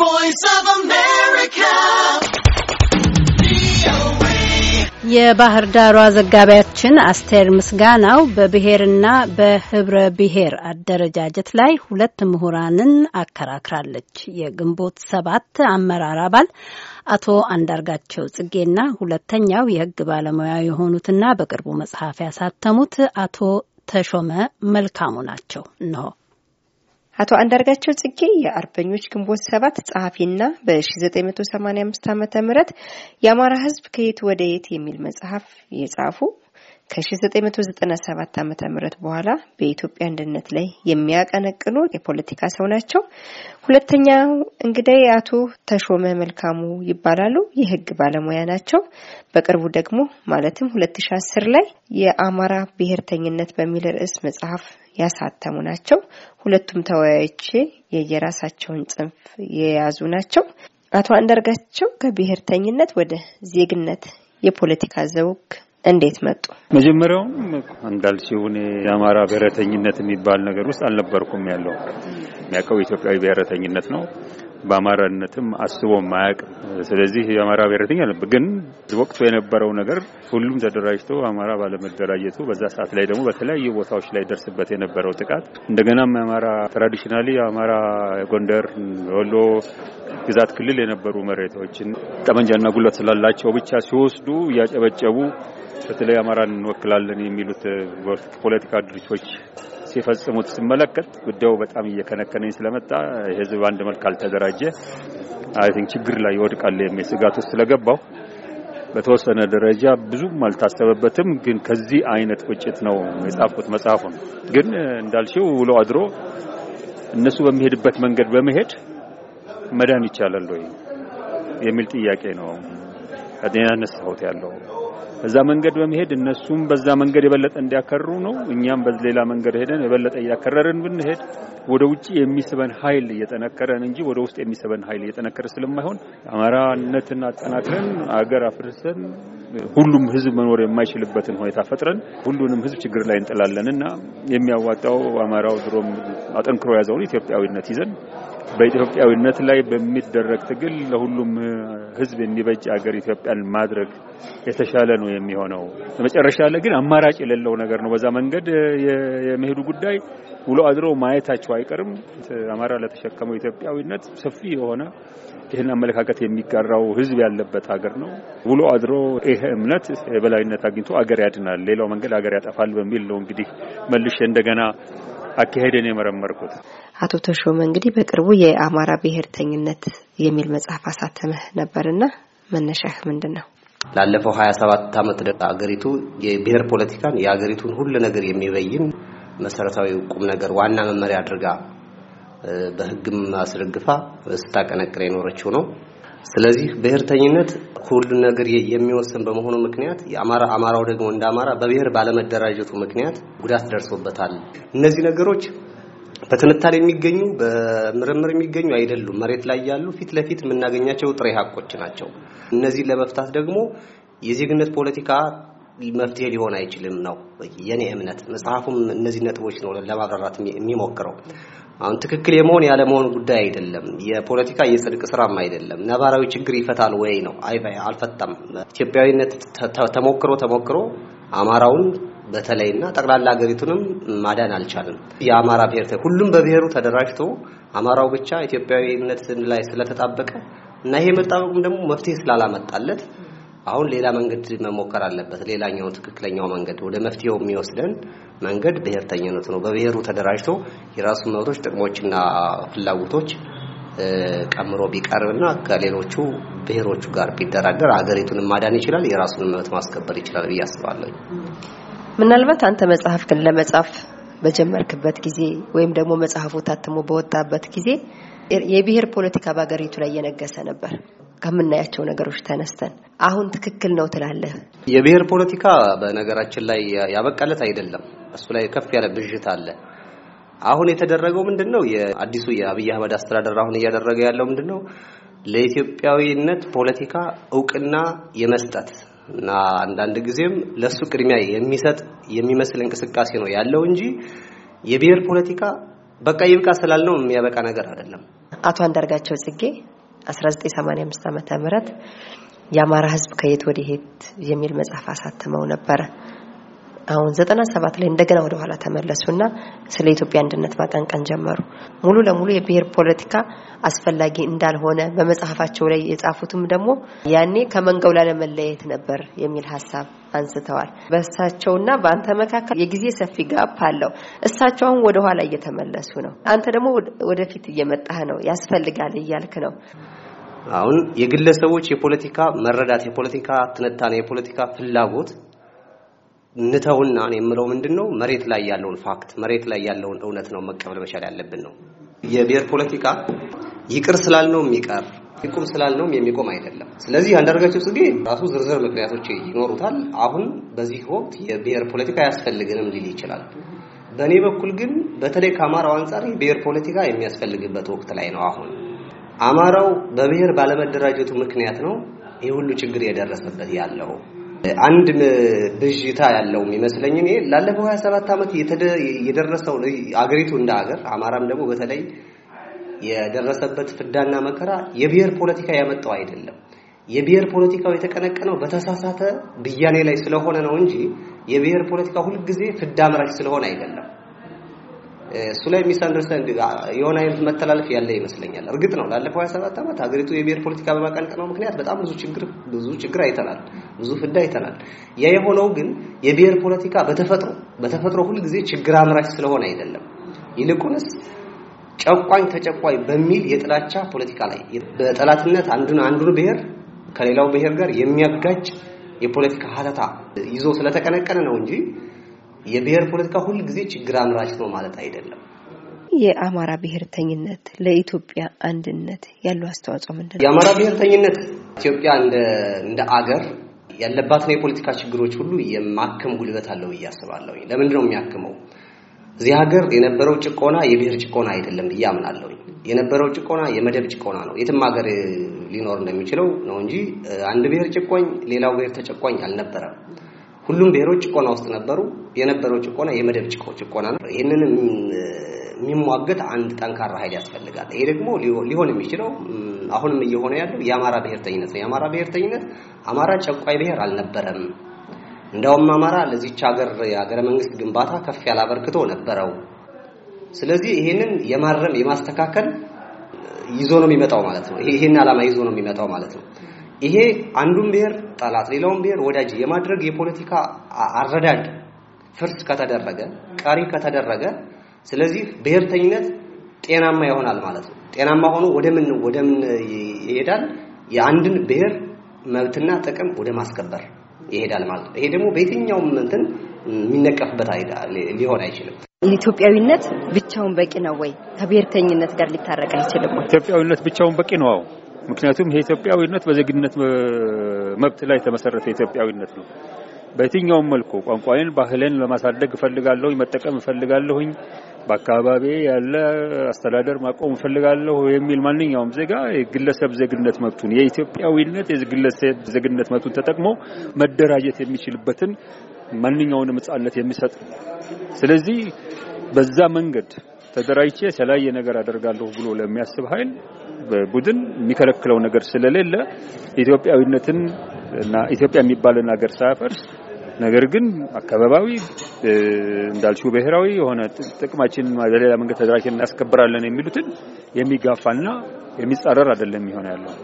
voice of America. የባህር ዳሯ ዘጋቢያችን አስቴር ምስጋናው በብሔርና በህብረ ብሔር አደረጃጀት ላይ ሁለት ምሁራንን አከራክራለች። የግንቦት ሰባት አመራር አባል አቶ አንዳርጋቸው ጽጌና ሁለተኛው የህግ ባለሙያ የሆኑትና በቅርቡ መጽሐፍ ያሳተሙት አቶ ተሾመ መልካሙ ናቸው። እንሆ አቶ አንዳርጋቸው ጽጌ የአርበኞች ግንቦት ሰባት ጸሐፊና በ1985 ዓ ም የአማራ ህዝብ ከየት ወደ የት የሚል መጽሐፍ የጻፉ ከ1997 ዓ ም በኋላ በኢትዮጵያ አንድነት ላይ የሚያቀነቅኑ የፖለቲካ ሰው ናቸው። ሁለተኛው እንግዳይ አቶ ተሾመ መልካሙ ይባላሉ። የህግ ባለሙያ ናቸው። በቅርቡ ደግሞ ማለትም 2010 ላይ የአማራ ብሔርተኝነት በሚል ርዕስ መጽሐፍ ያሳተሙ ናቸው። ሁለቱም ተወያዮች የየራሳቸውን ጽንፍ የያዙ ናቸው። አቶ አንዳርጋቸው ከብሔርተኝነት ወደ ዜግነት የፖለቲካ ዘውግ እንዴት መጡ? መጀመሪያውም እንዳልሽው እኔ የአማራ ብሔረተኝነት የሚባል ነገር ውስጥ አልነበርኩም። ያለው የሚያውቀው ኢትዮጵያዊ ብሔረተኝነት ነው። በአማራነትም አስቦ ማያቅ። ስለዚህ የአማራ ብሔረተኛ ነበር። ግን ወቅቱ የነበረው ነገር ሁሉም ተደራጅቶ አማራ ባለመደራጀቱ በዛ ሰዓት ላይ ደግሞ በተለያዩ ቦታዎች ላይ ደርስበት የነበረው ጥቃት እንደገናም የአማራ ትራዲሽናሊ የአማራ ጎንደር፣ ወሎ ግዛት ክልል የነበሩ መሬቶችን ጠመንጃና ጉልበት ስላላቸው ብቻ ሲወስዱ እያጨበጨቡ በተለይ አማራን እንወክላለን የሚሉት ፖለቲካ ድርጅቶች ሲፈጽሙት ስመለከት ጉዳዩ በጣም እየከነከነኝ ስለመጣ ህዝብ በአንድ መልክ አልተደራጀ አይ ቲንክ ችግር ላይ ይወድቃል የሚል ስጋት ውስጥ ስለገባው በተወሰነ ደረጃ ብዙም አልታሰበበትም። ግን ከዚህ አይነት ቁጭት ነው የጻፍኩት ነው። ግን እንዳልሽው ውሎ አድሮ እነሱ በሚሄድበት መንገድ በመሄድ መዳን ይቻላል ወይ የሚል ጥያቄ ነው ያነሳሁት ያለው በዛ መንገድ በመሄድ እነሱም በዛ መንገድ የበለጠ እንዲያከርሩ ነው። እኛም በሌላ መንገድ ሄደን የበለጠ እያከረርን ብንሄድ ወደ ውጭ የሚስበን ኃይል እየጠነከረን እንጂ ወደ ውስጥ የሚስበን ኃይል እየጠነከረ ስለማይሆን አማራነትን አጠናክረን አገር አፍርሰን ሁሉም ሕዝብ መኖር የማይችልበትን ሁኔታ ፈጥረን ሁሉንም ሕዝብ ችግር ላይ እንጥላለን እና የሚያዋጣው አማራው ድሮም አጠንክሮ የያዘውን ኢትዮጵያዊነት ይዘን በኢትዮጵያዊነት ላይ በሚደረግ ትግል ለሁሉም ሕዝብ የሚበጅ አገር ኢትዮጵያን ማድረግ የተሻለ ነው የሚሆነው። መጨረሻ ላይ ግን አማራጭ የሌለው ነገር ነው። በዛ መንገድ የመሄዱ ጉዳይ ውሎ አድሮ ማየታቸው አይቀርም። አማራ ለተሸከመው ኢትዮጵያዊነት ሰፊ የሆነ ይህን አመለካከት የሚጋራው ሕዝብ ያለበት ሀገር ነው። ውሎ አድሮ ይህ እምነት የበላይነት አግኝቶ አገር ያድናል፣ ሌላው መንገድ አገር ያጠፋል በሚል ነው እንግዲህ መልሼ እንደገና አካሄደን የመረመርኩት። አቶ ተሾመ እንግዲህ በቅርቡ የአማራ ብሔርተኝነት የሚል መጽሐፍ አሳተመህ ነበርና መነሻህ ምንድን ነው? ላለፈው ሀያ ሰባት አመት አገሪቱ የብሔር ፖለቲካን የአገሪቱን ሁሉ ነገር የሚበይን መሰረታዊ ቁም ነገር ዋና መመሪያ አድርጋ በህግም አስደግፋ ስታቀነቅር የኖረችው ነው። ስለዚህ ብሔርተኝነት ሁሉን ነገር የሚወስን በመሆኑ ምክንያት የአማራ አማራው ደግሞ እንደ አማራ በብሔር ባለመደራጀቱ ምክንያት ጉዳት ደርሶበታል። እነዚህ ነገሮች በትንታኔ የሚገኙ በምርምር የሚገኙ አይደሉም። መሬት ላይ ያሉ ፊት ለፊት የምናገኛቸው ጥሬ ሀቆች ናቸው። እነዚህ ለመፍታት ደግሞ የዜግነት ፖለቲካ መፍትሄ ሊሆን አይችልም ነው የኔ እምነት። መጽሐፉም እነዚህ ነጥቦች ነው ለማብራራት የሚሞክረው። አሁን ትክክል የመሆን ያለመሆን ጉዳይ አይደለም። የፖለቲካ የጽድቅ ስራም አይደለም። ነባራዊ ችግር ይፈታል ወይ ነው። አልፈታም። ኢትዮጵያዊነት ተሞክሮ ተሞክሮ አማራውን በተለይና ጠቅላላ ሀገሪቱንም ማዳን አልቻለም። የአማራ ብሔር ሁሉም በብሔሩ ተደራጅቶ አማራው ብቻ ኢትዮጵያዊነት ላይ ስለተጣበቀ እና ይሄ መጣበቁም ደግሞ መፍትሄ ስላላመጣለት አሁን ሌላ መንገድ መሞከር አለበት። ሌላኛው ትክክለኛው መንገድ ወደ መፍትሄው የሚወስደን መንገድ ብሔርተኝነት ነው። በብሔሩ ተደራጅቶ የራሱን መብቶች፣ ጥቅሞችና ፍላጎቶች ቀምሮ ቢቀርብና ከሌሎቹ ብሔሮቹ ጋር ቢደራደር አገሪቱን ማዳን ይችላል፣ የራሱን መብት ማስከበር ይችላል ብዬ አስባለሁ። ምናልባት አንተ መጽሐፍህን ለመጻፍ በጀመርክበት ጊዜ ወይም ደግሞ መጽሐፉ ታትሞ በወጣበት ጊዜ የብሔር ፖለቲካ በአገሪቱ ላይ እየነገሰ ነበር። ከምናያቸው ነገሮች ተነስተን አሁን ትክክል ነው ትላለህ? የብሔር ፖለቲካ በነገራችን ላይ ያበቃለት አይደለም። እሱ ላይ ከፍ ያለ ብዥት አለ። አሁን የተደረገው ምንድነው? የአዲሱ የአብይ አህመድ አስተዳደር አሁን እያደረገ ያለው ምንድነው? ለኢትዮጵያዊነት ፖለቲካ እውቅና የመስጠት እና አንዳንድ ጊዜም ለሱ ቅድሚያ የሚሰጥ የሚመስል እንቅስቃሴ ነው ያለው እንጂ የብሔር ፖለቲካ በቃ ይብቃ ስላልነው የሚያበቃ ነገር አይደለም። አቶ አንዳርጋቸው ጽጌ 1985 ዓ.ም የአማራ ህዝብ ከየት ወደ የት የሚል መጽሐፍ አሳትመው ነበረ። አሁን ዘጠና ሰባት ላይ እንደገና ወደ ኋላ ተመለሱና ስለ ኢትዮጵያ አንድነት ማቀንቀን ጀመሩ። ሙሉ ለሙሉ የብሔር ፖለቲካ አስፈላጊ እንዳልሆነ በመጽሐፋቸው ላይ የጻፉትም ደግሞ ያኔ ከመንገው ላለመለየት ነበር የሚል ሀሳብ አንስተዋል። በእሳቸውና በአንተ መካከል የጊዜ ሰፊ ጋፕ አለው። እሳቸው አሁን ወደ ኋላ እየተመለሱ ነው፣ አንተ ደግሞ ወደፊት እየመጣህ ነው፣ ያስፈልጋል እያልክ ነው። አሁን የግለሰቦች የፖለቲካ መረዳት፣ የፖለቲካ ትንታኔ፣ የፖለቲካ ፍላጎት እንተውና እኔ የምለው ምንድን ነው መሬት ላይ ያለውን ፋክት መሬት ላይ ያለውን እውነት ነው መቀበል መቻል ያለብን ነው። የብሔር ፖለቲካ ይቅር ስላልነው የሚቀር ይቁም ስላልነውም የሚቆም አይደለም። ስለዚህ አንዳርጋቸው ጽጌ ራሱ ዝርዝር ምክንያቶች ይኖሩታል። አሁን በዚህ ወቅት የብሔር ፖለቲካ አያስፈልግንም ሊል ይችላል። በእኔ በኩል ግን በተለይ ከአማራው አንጻር የብሔር ፖለቲካ የሚያስፈልግበት ወቅት ላይ ነው። አሁን አማራው በብሔር ባለመደራጀቱ ምክንያት ነው ይህ ሁሉ ችግር የደረሰበት ያለው አንድ ብዥታ ያለው የሚመስለኝ እኔ ላለፈው 27 ዓመት የደረሰው አገሪቱ እንደ ሀገር አማራም ደግሞ በተለይ የደረሰበት ፍዳና መከራ የብሔር ፖለቲካ ያመጣው አይደለም። የብሔር ፖለቲካው የተቀነቀነው በተሳሳተ ብያኔ ላይ ስለሆነ ነው እንጂ የብሔር ፖለቲካ ሁልጊዜ ፍዳ አምራች ስለሆነ አይደለም። እሱ ላይ ሚስ አንደርስታንድ የሆነ አይነት መተላለፍ ያለ ይመስለኛል። እርግጥ ነው ላለፈው 27 ዓመት ሀገሪቱ የብሔር ፖለቲካ በማቀንቀነው ምክንያት በጣም ብዙ ችግር ብዙ ችግር አይተናል፣ ብዙ ፍዳ አይተናል። ያ የሆነው ግን የብሔር ፖለቲካ በተፈጥሮ በተፈጥሮ ጊዜ ችግር አምራች ስለሆነ አይደለም። ይልቁንስ ጨቋኝ ተጨቋኝ በሚል የጥላቻ ፖለቲካ ላይ በጠላትነት አንዱን አንዱን ብሔር ከሌላው ብሔር ጋር የሚያጋጭ የፖለቲካ ሀተታ ይዞ ስለተቀነቀነ ነው እንጂ የብሔር ፖለቲካ ሁል ጊዜ ችግር አምራች ነው ማለት አይደለም። የአማራ ብሔርተኝነት ለኢትዮጵያ አንድነት ያለው አስተዋጽኦ ምንድን ነው? የአማራ ብሔርተኝነት ኢትዮጵያ እንደ አገር ያለባትን የፖለቲካ ችግሮች ሁሉ የማከም ጉልበት አለው ብዬ አስባለሁ። ለምንድን ነው የሚያክመው? እዚህ ሀገር የነበረው ጭቆና የብሔር ጭቆና አይደለም ብዬ አምናለሁ። የነበረው ጭቆና የመደብ ጭቆና ነው። የትም ሀገር ሊኖር እንደሚችለው ነው እንጂ አንድ ብሔር ጭቆኝ ሌላው ብሔር ተጨቋኝ አልነበረም። ሁሉም ብሔሮች ጭቆና ውስጥ ነበሩ። የነበረው ጭቆና የመደብ ጭቆና ነው። ይህንን የሚሟገት አንድ ጠንካራ ኃይል ያስፈልጋል። ይሄ ደግሞ ሊሆን የሚችለው አሁንም እየሆነ ያለው የአማራ ብሔርተኝነት ነው። የአማራ ብሔርተኝነት አማራ ጨቋይ ብሔር አልነበረም። እንዳውም አማራ ለዚች ሀገር የሀገረ መንግስት ግንባታ ከፍ ያለ አበርክቶ ነበረው። ስለዚህ ይሄንን የማረም የማስተካከል ይዞ ነው የሚመጣው ማለት ነው። ይሄን ዓላማ ይዞ ነው የሚመጣው ማለት ነው። ይሄ አንዱን ብሔር ጠላት ሌላውን ብሔር ወዳጅ የማድረግ የፖለቲካ አረዳድ ፍርስ ከተደረገ ቀሪ ከተደረገ ስለዚህ ብሔርተኝነት ጤናማ ይሆናል ማለት ነው። ጤናማ ሆኖ ወደምን ወደምን ይሄዳል? የአንድን ብሔር መብትና ጥቅም ወደ ማስከበር ይሄዳል ማለት ነው። ይሄ ደግሞ በየትኛውም እንትን የሚነቀፍበት ሊሆን አይችልም። ኢትዮጵያዊነት ብቻውን በቂ ነው ወይ? ከብሔርተኝነት ጋር ሊታረቅ አይችልም። ኢትዮጵያዊነት ብቻውን በቂ ነው። ምክንያቱም ይሄ ኢትዮጵያዊነት በዜግነት መብት ላይ የተመሰረተ ኢትዮጵያዊነት ነው። በየትኛውም መልኩ ቋንቋዬን፣ ባህሌን ለማሳደግ እፈልጋለሁኝ፣ መጠቀም እፈልጋለሁኝ፣ በአካባቢ ያለ አስተዳደር ማቆም እፈልጋለሁ የሚል ማንኛውም ዜጋ የግለሰብ ዜግነት መብቱን የኢትዮጵያዊነት የግለሰብ ዜግነት መብቱን ተጠቅሞ መደራጀት የሚችልበትን ማንኛውንም ነጻነት የሚሰጥ ስለዚህ በዛ መንገድ ተደራጅቼ የተለያየ ነገር አደርጋለሁ ብሎ ለሚያስብ ኃይል ቡድን የሚከለክለው ነገር ስለሌለ ኢትዮጵያዊነትን እና ኢትዮጵያ የሚባልን ሀገር ሳያፈርስ ነገር ግን አካባቢዊ እንዳልሽው ብሔራዊ የሆነ ጥቅማችን በሌላ መንገድ ተደራጅተን እናስከብራለን የሚሉትን የሚጋፋና የሚጻረር አይደለም ይሆን ያለው።